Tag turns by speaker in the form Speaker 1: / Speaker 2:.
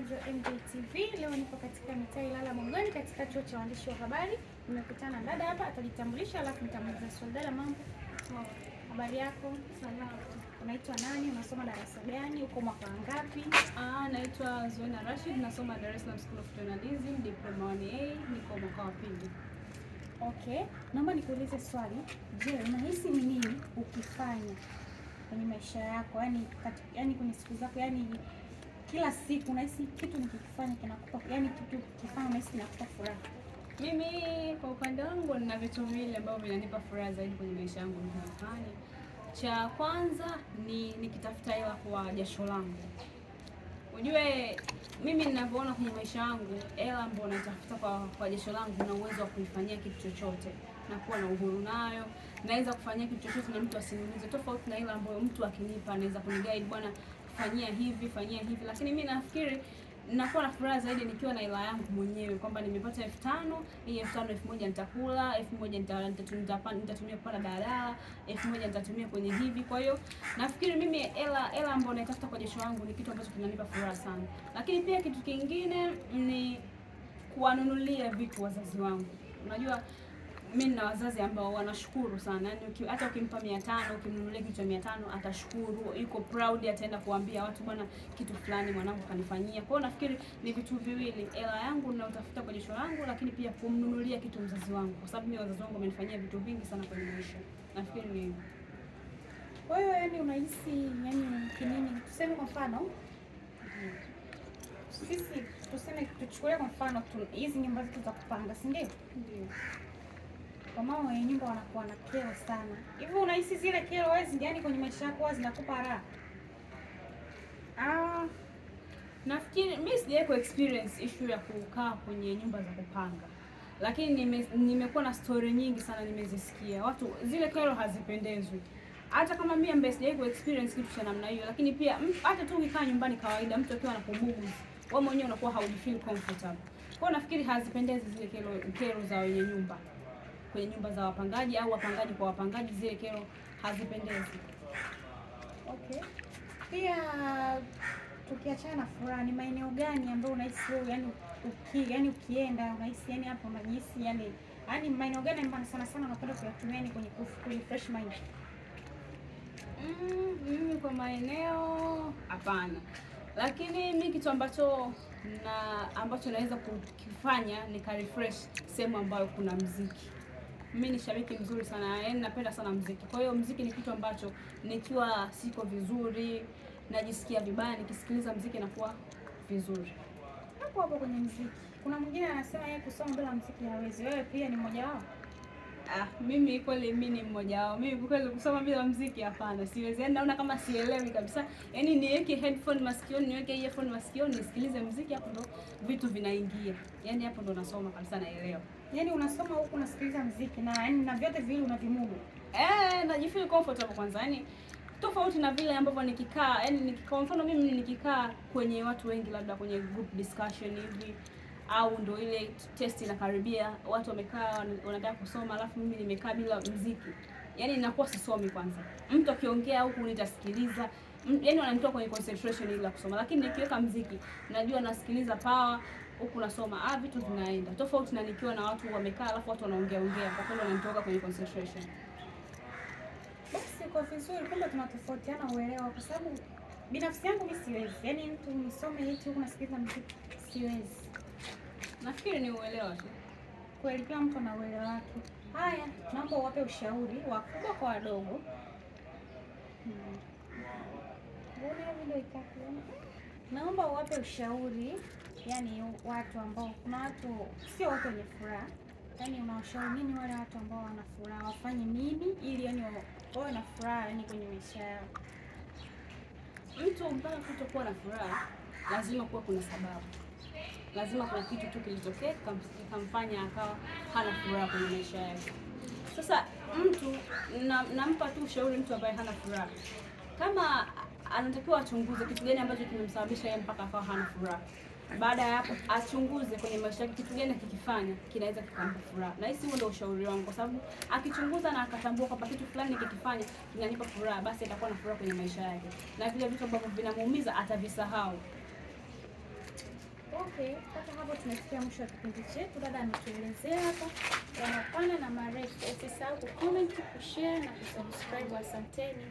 Speaker 1: mtazamaji wa MJTV. Leo nipo katika mitaa Ilala Mongoni katika chuo cha waandishi wa habari. Nimekutana na dada hapa, atajitambulisha alafu nitamuuliza swali. Dada, mambo? Habari yako? Salama. Unaitwa nani? Unasoma darasa gani? Uko mwaka ngapi?
Speaker 2: Ah, naitwa Zuena Rashid, nasoma Dar es Salaam School of Journalism, diploma 1A, niko mwaka wa pili.
Speaker 1: Okay, naomba nikuulize swali. Je, unahisi ni nini ukifanya kwenye maisha yako, yaani yaani kwenye siku zako, yaani kila siku unahisi kitu nikikifanya kinakupa, yani kitu kifanya unahisi kinakupa furaha?
Speaker 2: Mimi kwa upande wangu nina vitu viwili ambavyo vinanipa furaha zaidi kwenye maisha yangu ninaofanya. Cha kwanza ni nikitafuta hela kwa jasho langu. Ujue mimi ninavyoona kwenye maisha yangu, hela ambayo natafuta kwa, kwa jasho langu na uwezo wa kuifanyia kitu chochote na kuwa na uhuru nayo, naweza kufanyia kitu chochote na mtu asiniulize, tofauti na hela ambayo mtu akinipa anaweza kuniguide bwana fanyia hivi fanyia hivi, lakini mi nafikiri nakuwa na furaha zaidi nikiwa na hela yangu mwenyewe kwamba nimepata elfu tano hii elfu tano elfu moja nitakula, elfu moja nitatumia kupanda daladala, elfu moja nitatumia kwenye hivi. Kwa hiyo nafikiri mimi hela hela ambayo naitafuta kwa jasho langu ni kitu ambacho kinanipa furaha sana, lakini pia kitu kingine ni kuwanunulia vitu wazazi wangu, unajua mimi nina wazazi ambao wanashukuru sana, yani hata ukimpa mia tano ukimnunulia kitu cha mia tano atashukuru, yuko proud, ataenda kuambia watu, bwana, kitu fulani mwanangu kanifanyia. Kwa hiyo nafikiri ni vitu viwili, hela yangu ninayotafuta kwa jicho langu, lakini pia kumnunulia kitu mzazi wangu, kwa sababu mimi wazazi wangu wamenifanyia vitu vingi sana kwenye maisha. Nafikiri ni hivyo.
Speaker 1: Kwa hiyo yani unahisi yani kinini, tuseme kwa mfano sisi, tuseme tuchukulia kwa mfano hizi nyumba zetu za kupanga, si ndio? Ndio kwa mama wenye nyumba wanakuwa na kero sana. Hivi unahisi zile kero wezi yani kwenye maisha yako zinakupa raha?
Speaker 2: Ah, nafikiri mimi sijawahi ku experience issue ya kukaa kwenye nyumba za kupanga, lakini nimekuwa nime na story nyingi sana nimezisikia watu, zile kero hazipendezwi hata kama mimi ambaye sijawahi ku experience kitu cha namna hiyo, lakini pia hata tu ukikaa nyumbani kawaida, mtu akiwa na anakubuguzi wewe mwenyewe unakuwa haujifeel comfortable. Kwa hiyo nafikiri hazipendezi zile kero, kero za wenye nyumba kwenye nyumba za wapangaji au wapangaji kwa wapangaji, zile kero hazipendezi.
Speaker 1: Okay, pia tukiachana na furaha, ni maeneo gani ambayo unahisi wewe yani uki, yani ukienda unahisi yani hapo majisi yani yani maeneo gani ambayo sana sana unapenda kuyatumia ni kwenye refresh mind?
Speaker 2: Mm, mimi kwa maeneo hapana, lakini mi kitu ambacho na ambacho naweza kukifanya nika refresh sehemu ambayo kuna mziki mimi ni shabiki mzuri sana, yaani napenda sana mziki. Kwa hiyo mziki ni kitu ambacho nikiwa siko vizuri, najisikia vibaya, nikisikiliza mziki nakuwa vizuri.
Speaker 1: Hapo hapo kwenye mziki, kuna mwingine anasema yeye kusoma bila mziki hawezi. Wewe pia ni mmoja wao?
Speaker 2: Ah, mimi kweli mimi ni mmoja wao. Mimi kweli kusoma bila muziki hapana, siwezi. Yaani naona kama sielewi kabisa. yani niweke headphone masikioni, niweke earphone masikioni, nisikilize muziki, hapo ndo vitu vinaingia. Yani hapo ndo nasoma kabisa, naelewa.
Speaker 1: Yani unasoma huku unasikiliza muziki na yani na vyote vile unavimudu.
Speaker 2: Eh, najifeel comfortable kwanza. yani tofauti na vile ambavyo nikikaa, yani, nikikaa, mfano mimi nikikaa kwenye watu wengi, labda kwenye group discussion hivi au ndo ile testi inakaribia, watu wamekaa wanataka kusoma, alafu mimi nimekaa bila mziki, yani ninakuwa sisomi. Kwanza mtu akiongea huku nitasikiliza, yani wananitoa kwenye concentration ile ya kusoma, lakini nikiweka mziki najua nasikiliza power huku nasoma, ah, vitu vinaenda tofauti na nikiwa na watu wamekaa, alafu watu wanaongea ongea, kwa kweli wananitoka kwenye concentration.
Speaker 1: Basi kwa vizuri, kumbe tunatofautiana uelewa, kwa sababu binafsi yangu mimi siwezi, yani mtu nisome eti huku nasikiliza mziki siwezi.
Speaker 2: Nafikiri ni uelewa tu
Speaker 1: kweli, kila mtu ana uelewa wake. Haya, naomba uwape ushauri wakubwa kwa wadogo. Naomba uwape ushauri, yani watu ambao kuna watu sio watu wenye furaha, yani unawashauri nini wale watu ambao wana furaha wafanye nini ili yani wawe na furaha yani kwenye maisha yao?
Speaker 2: Mtu mpaka kutokuwa na furaha lazima kuwa kuna sababu lazima kuna kitu tu kilitokea kikamfanya akawa hana furaha kwenye maisha yake. Sasa mtu na, nampa tu ushauri mtu ambaye hana furaha, kama anatakiwa achunguze kitu gani ambacho kimemsababisha yeye mpaka akawa hana furaha. Baada ya hapo achunguze kwenye maisha yake kitu gani akikifanya kinaweza kikampa furaha. Na hisi huo ndio ushauri wangu, kwa sababu akichunguza na akatambua kwamba kitu fulani kikifanya kinanipa furaha, basi atakuwa na furaha kwenye maisha yake, na vile vitu ambavyo vinamuumiza atavisahau.
Speaker 1: Okay, sasa hapo tumefikia mwisho wa kipindi chetu. Dada ametuelezea hapa ya mapana na marefu. Usisahau kucomment, kushare na kusubscribe. Asanteni.